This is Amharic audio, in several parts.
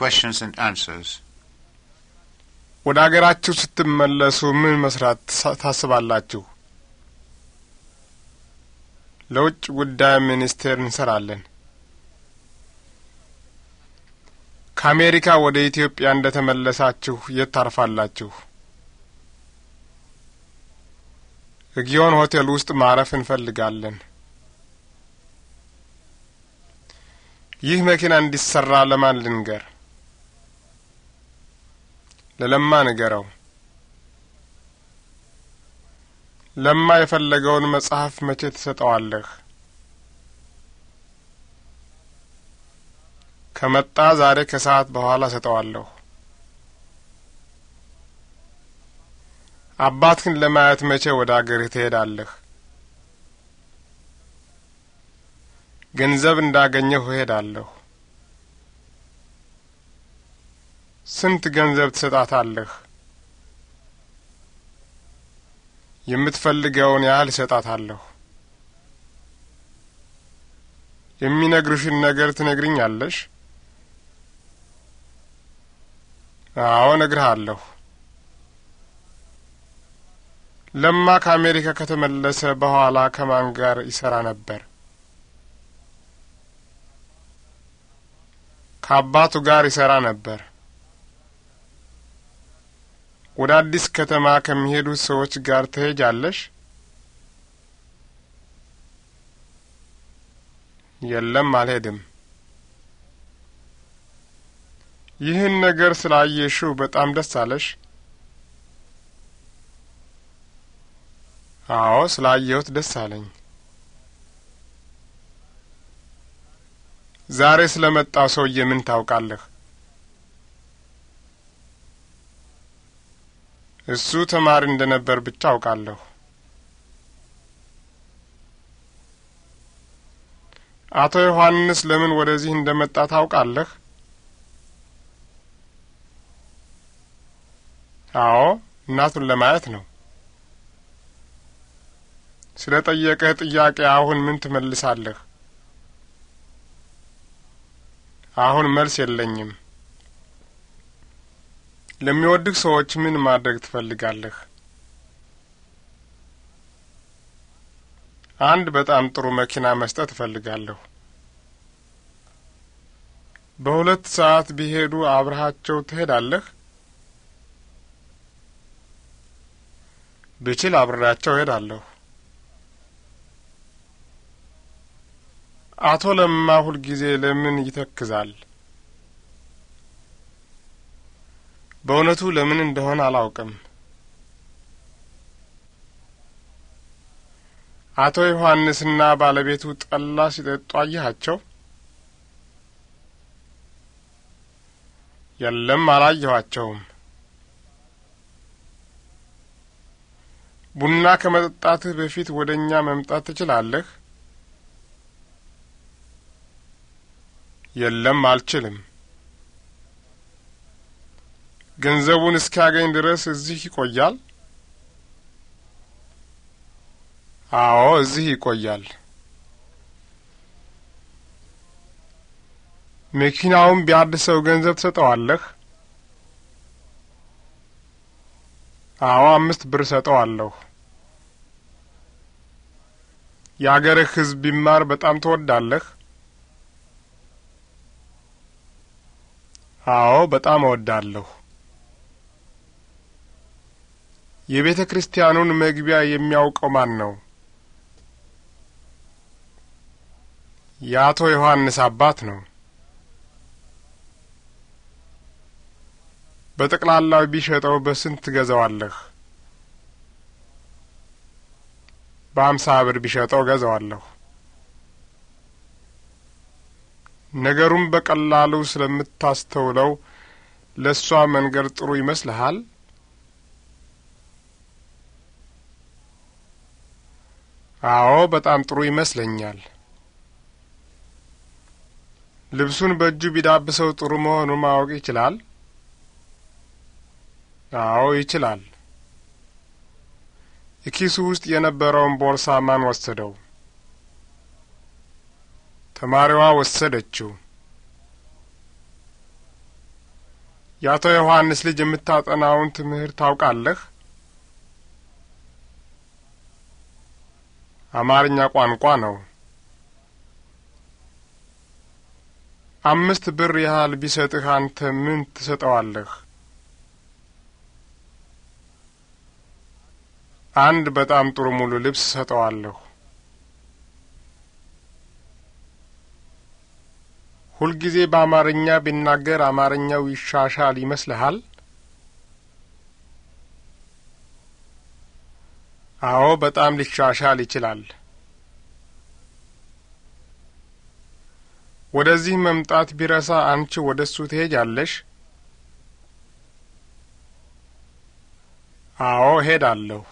questions and answers. ወደ አገራችሁ ስትመለሱ ምን መስራት ታስባላችሁ? ለውጭ ጉዳይ ሚኒስቴር እንሰራለን። ከአሜሪካ ወደ ኢትዮጵያ እንደ ተመለሳችሁ የት ታርፋላችሁ? ጊዮን ሆቴል ውስጥ ማረፍ እንፈልጋለን። ይህ መኪና እንዲሰራ ለማን ልንገር? ለለማ ንገረው። ለማ የፈለገውን መጽሐፍ መቼ ትሰጠዋለህ? ከመጣ ዛሬ ከሰዓት በኋላ ሰጠዋለሁ አባትህን ለማየት መቼ ወደ አገርህ ትሄዳለህ? ገንዘብ እንዳገኘሁ እሄዳለሁ። ስንት ገንዘብ ትሰጣታለህ? የምትፈልገውን ያህል እሰጣታለሁ። የሚነግርሽን ነገር ትነግርኛለሽ? አዎ እነግርሃለሁ። ለማ ከአሜሪካ ከተመለሰ በኋላ ከማን ጋር ይሰራ ነበር? ከአባቱ ጋር ይሰራ ነበር። ወደ አዲስ ከተማ ከሚሄዱ ሰዎች ጋር ትሄጃለሽ? የለም፣ አልሄድም። ይህን ነገር ስላየሽው በጣም ደስ አለሽ? አዎ፣ ስላየሁት ደስ አለኝ። ዛሬ ስለመጣው ሰውዬ ምን ታውቃለህ? እሱ ተማሪ እንደነበር ብቻ አውቃለሁ። አቶ ዮሐንስ ለምን ወደዚህ እንደመጣ ታውቃለህ? አዎ፣ እናቱን ለማየት ነው። ስለ ጠየቀህ ጥያቄ አሁን ምን ትመልሳለህ? አሁን መልስ የለኝም። ለሚወድቅ ሰዎች ምን ማድረግ ትፈልጋለህ? አንድ በጣም ጥሩ መኪና መስጠት እፈልጋለሁ። በሁለት ሰዓት ቢሄዱ አብረሃቸው ትሄዳለህ? ብችል አብሬያቸው እሄዳለሁ። አቶ ለማ ሁልጊዜ ለምን ይተክዛል? በእውነቱ ለምን እንደሆነ አላውቅም። አቶ ዮሐንስና ባለቤቱ ጠላ ሲጠጡ አየሃቸው? የለም፣ አላየኋቸውም። ቡና ከመጠጣትህ በፊት ወደ እኛ መምጣት ትችላለህ? የለም፣ አልችልም። ገንዘቡን እስኪያገኝ ድረስ እዚህ ይቆያል? አዎ፣ እዚህ ይቆያል። መኪናውን ቢያድሰው ገንዘብ ትሰጠዋለህ? አዎ፣ አምስት ብር ሰጠዋለሁ። የአገርህ ሕዝብ ቢማር በጣም ትወዳለህ? አዎ፣ በጣም እወዳለሁ። የቤተ ክርስቲያኑን መግቢያ የሚያውቀው ማን ነው? የአቶ ዮሐንስ አባት ነው። በጠቅላላው ቢሸጠው በስንት ገዛዋለህ? በአምሳ ብር ቢሸጠው ገዛዋለሁ። ነገሩን በቀላሉ ስለምታስተውለው ለእሷ መንገድ ጥሩ ይመስልሃል? አዎ፣ በጣም ጥሩ ይመስለኛል። ልብሱን በእጁ ቢዳብሰው ጥሩ መሆኑን ማወቅ ይችላል? አዎ፣ ይችላል። የኪሱ ውስጥ የነበረውን ቦርሳ ማን ወሰደው? ተማሪዋ ወሰደችው። የአቶ ዮሐንስ ልጅ የምታጠናውን ትምህርት ታውቃለህ? አማርኛ ቋንቋ ነው። አምስት ብር ያህል ቢሰጥህ አንተ ምን ትሰጠዋለህ? አንድ በጣም ጥሩ ሙሉ ልብስ እሰጠዋለሁ። ሁልጊዜ በአማርኛ ቢናገር አማርኛው ይሻሻል ይመስልሃል? አዎ፣ በጣም ሊሻሻል ይችላል። ወደዚህ መምጣት ቢረሳ አንቺ ወደ እሱ ትሄጃለሽ? አዎ፣ ሄዳለሁ።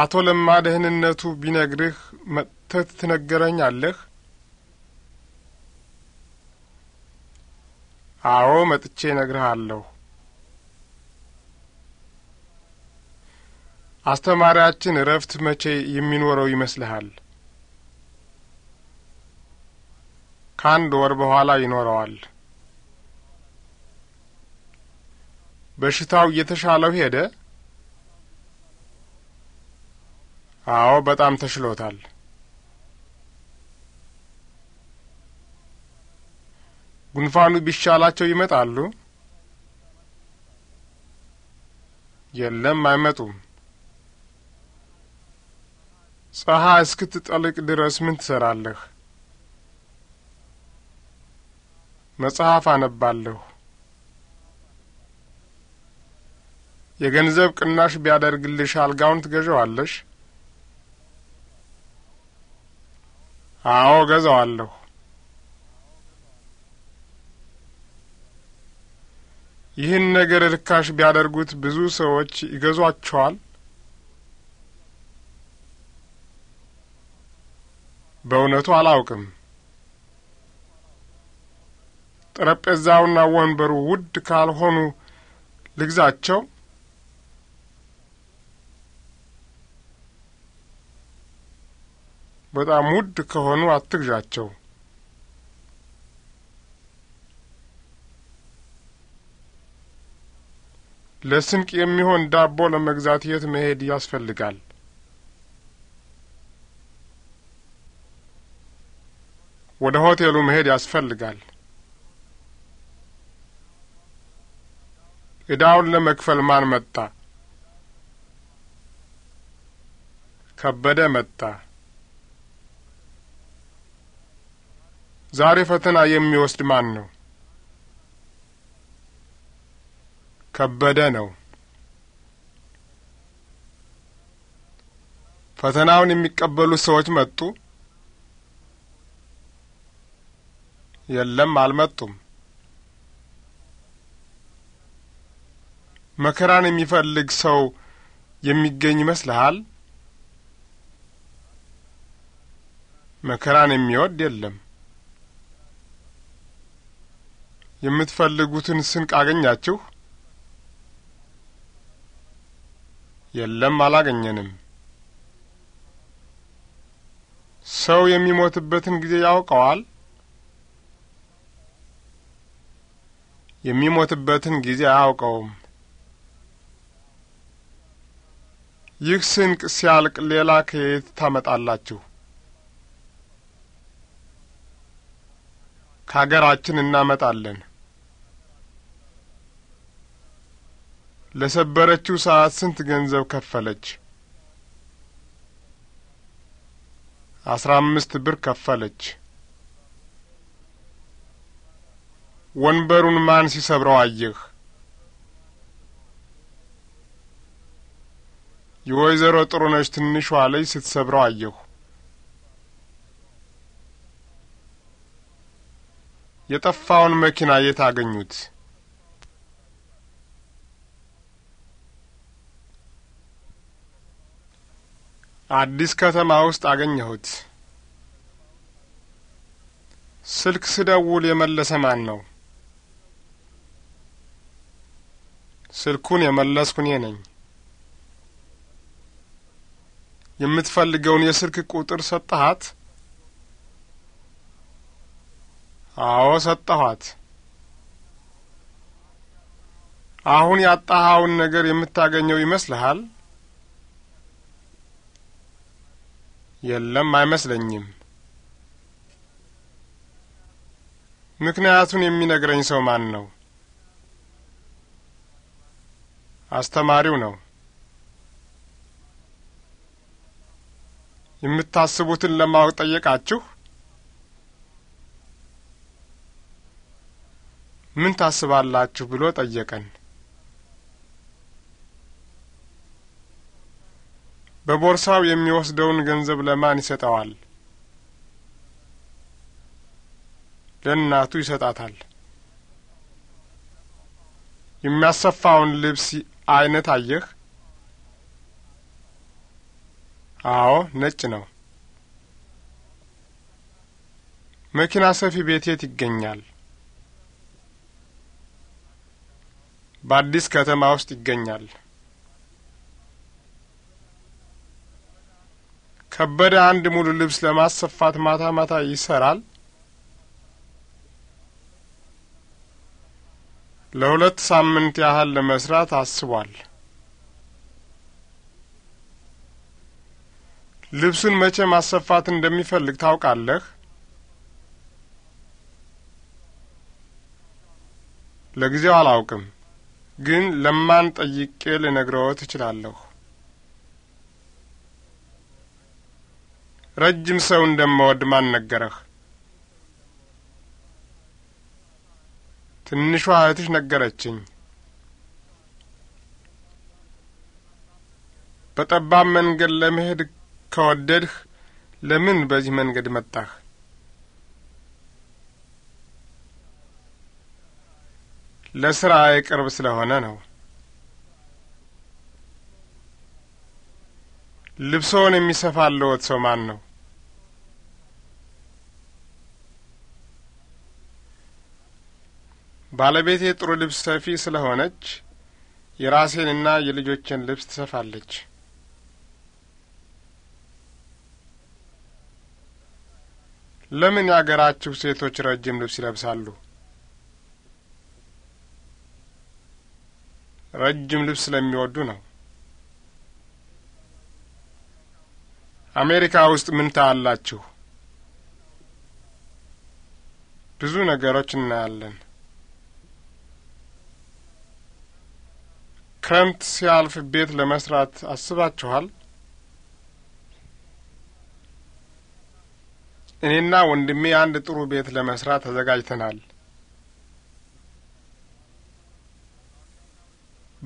አቶ ለማ ደህንነቱ ቢነግርህ መጥተህ ትነግረኛለህ? አዎ፣ መጥቼ እነግርሃለሁ። አስተማሪያችን እረፍት መቼ የሚኖረው ይመስልሃል? ከአንድ ወር በኋላ ይኖረዋል። በሽታው እየተሻለው ሄደ? አዎ፣ በጣም ተሽሎታል። ጉንፋኑ ቢሻላቸው ይመጣሉ? የለም፣ አይመጡም። ፀሐይ እስክትጠልቅ ድረስ ምን ትሰራለህ? መጽሐፍ አነባለሁ። የገንዘብ ቅናሽ ቢያደርግልሽ አልጋውን ትገዣዋለሽ? አዎ ገዛዋለሁ። ይህን ነገር ርካሽ ቢያደርጉት ብዙ ሰዎች ይገዟቸዋል? በእውነቱ አላውቅም። ጠረጴዛውና ወንበሩ ውድ ካልሆኑ ልግዛቸው? በጣም ውድ ከሆኑ አትግዣቸው። ለስንቅ የሚሆን ዳቦ ለመግዛት የት መሄድ ያስፈልጋል? ወደ ሆቴሉ መሄድ ያስፈልጋል። ዕዳውን ለመክፈል ማን መጣ? ከበደ መጣ። ዛሬ ፈተና የሚወስድ ማን ነው? ከበደ ነው። ፈተናውን የሚቀበሉ ሰዎች መጡ? የለም፣ አልመጡም። መከራን የሚፈልግ ሰው የሚገኝ ይመስልሃል? መከራን የሚወድ የለም። የምትፈልጉትን ስንቅ አገኛችሁ? የለም፣ አላገኘንም። ሰው የሚሞትበትን ጊዜ ያውቀዋል? የሚሞትበትን ጊዜ አያውቀውም። ይህ ስንቅ ሲያልቅ ሌላ ከየት ታመጣላችሁ? ከአገራችን እናመጣለን። ለሰበረችው ሰዓት ስንት ገንዘብ ከፈለች? አስራ አምስት ብር ከፈለች። ወንበሩን ማን ሲሰብረው አየህ? የወይዘሮ ጥሩነሽ ትንሿ ልጅ ስትሰብረው አየሁ። የጠፋውን መኪና የት አገኙት? አዲስ ከተማ ውስጥ አገኘሁት። ስልክ ስደውል የመለሰ ማን ነው? ስልኩን የመለስኩ እኔ ነኝ። የምትፈልገውን የስልክ ቁጥር ሰጠሃት? አዎ ሰጠኋት። አሁን ያጣሃውን ነገር የምታገኘው ይመስልሃል? የለም፣ አይመስለኝም። ምክንያቱን የሚነግረኝ ሰው ማን ነው? አስተማሪው ነው። የምታስቡትን ለማወቅ ጠየቃችሁ? ምን ታስባላችሁ ብሎ ጠየቀን። በቦርሳው የሚወስደውን ገንዘብ ለማን ይሰጠዋል? ለእናቱ ይሰጣታል። የሚያሰፋውን ልብስ አይነት አየህ? አዎ፣ ነጭ ነው። መኪና ሰፊ ቤት የት ይገኛል? በአዲስ ከተማ ውስጥ ይገኛል። ከበደ አንድ ሙሉ ልብስ ለማሰፋት ማታ ማታ ይሰራል? ለሁለት ሳምንት ያህል ለመስራት አስቧል። ልብሱን መቼ ማሰፋት እንደሚፈልግ ታውቃለህ? ለጊዜው አላውቅም፣ ግን ለማን ጠይቄ ልነግረዎት እችላለሁ። ረጅም ሰው እንደምወድ ማን ነገረህ? ትንሿ እህትሽ ነገረችኝ። በጠባብ መንገድ ለመሄድ ከወደድህ ለምን በዚህ መንገድ መጣህ? ለስራ የቅርብ ስለሆነ ነው። ልብሶውን የሚሰፋልዎት ሰው ማን ነው? ባለቤቴ ጥሩ ልብስ ሰፊ ስለሆነች የራሴንና የልጆችን ልብስ ትሰፋለች። ለምን የአገራችሁ ሴቶች ረጅም ልብስ ይለብሳሉ? ረጅም ልብስ ስለሚወዱ ነው። አሜሪካ ውስጥ ምን ታያላችሁ? ብዙ ነገሮች እናያለን። ክረምት ሲያልፍ ቤት ለመስራት አስባችኋል? እኔና ወንድሜ አንድ ጥሩ ቤት ለመስራት ተዘጋጅተናል።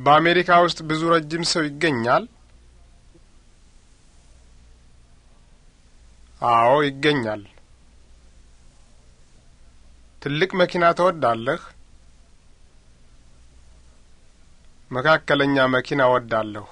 በአሜሪካ ውስጥ ብዙ ረጅም ሰው ይገኛል? አዎ ይገኛል። ትልቅ መኪና ተወዳለህ! መካከለኛ መኪና እወዳለሁ።